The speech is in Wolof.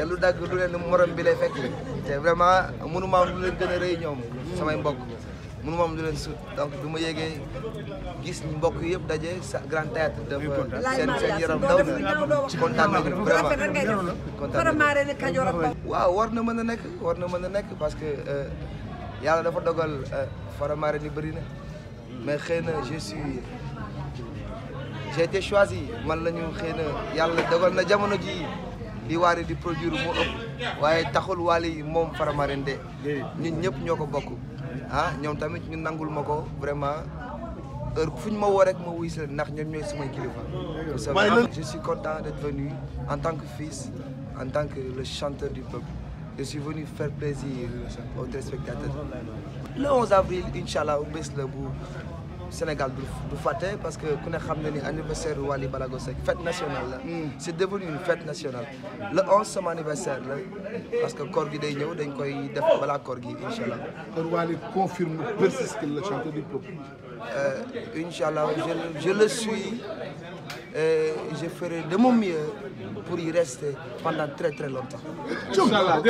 te lu dagg lu leen morom bi lay fekk te vraiment mënu ma am lu leen gën a rëy ñoom samay mbokk mënu ma am lu leen sut donc bi ma yéegee gis mbokk yëpp daje sa grand théâtre dafa seen seen yaram na ci kontaan nañu vraiment kontaan waaw war na mën a nekk war na mën a nekk parce que euh, yàlla dafa dogal euh, faramaare ni bëri na mais xëy na je suis choisi man la ñu xëy yàlla dogal na jamono ji li waare di produire mo ëpp waaye taxul waale mom moom Faramareen de ñun ñëpp ñoko ko bokk ah ñoom tamit ñu nangul mako vraiment heure fu ñu ma woo rek ma wuy sa ndax ñoom ñooy sumay kilifa je suis content d'être venu en tant que fils en tant que le chanteur du peuple je suis venu faire plaisir aux téléspectateurs le 11 avril inchallah allah bés Sénégal du du parce que nous ne l'anniversaire ni anniversaire Wali Balago fête nationale C'est devenu une fête nationale. le 11 e anniversaire parce que Corgi de day ñëw dañ koy def confirme persiste le chanteur du peuple. Euh, je je le suis et je ferai de mon mieux pour y rester pendant très très longtemps. Inshallah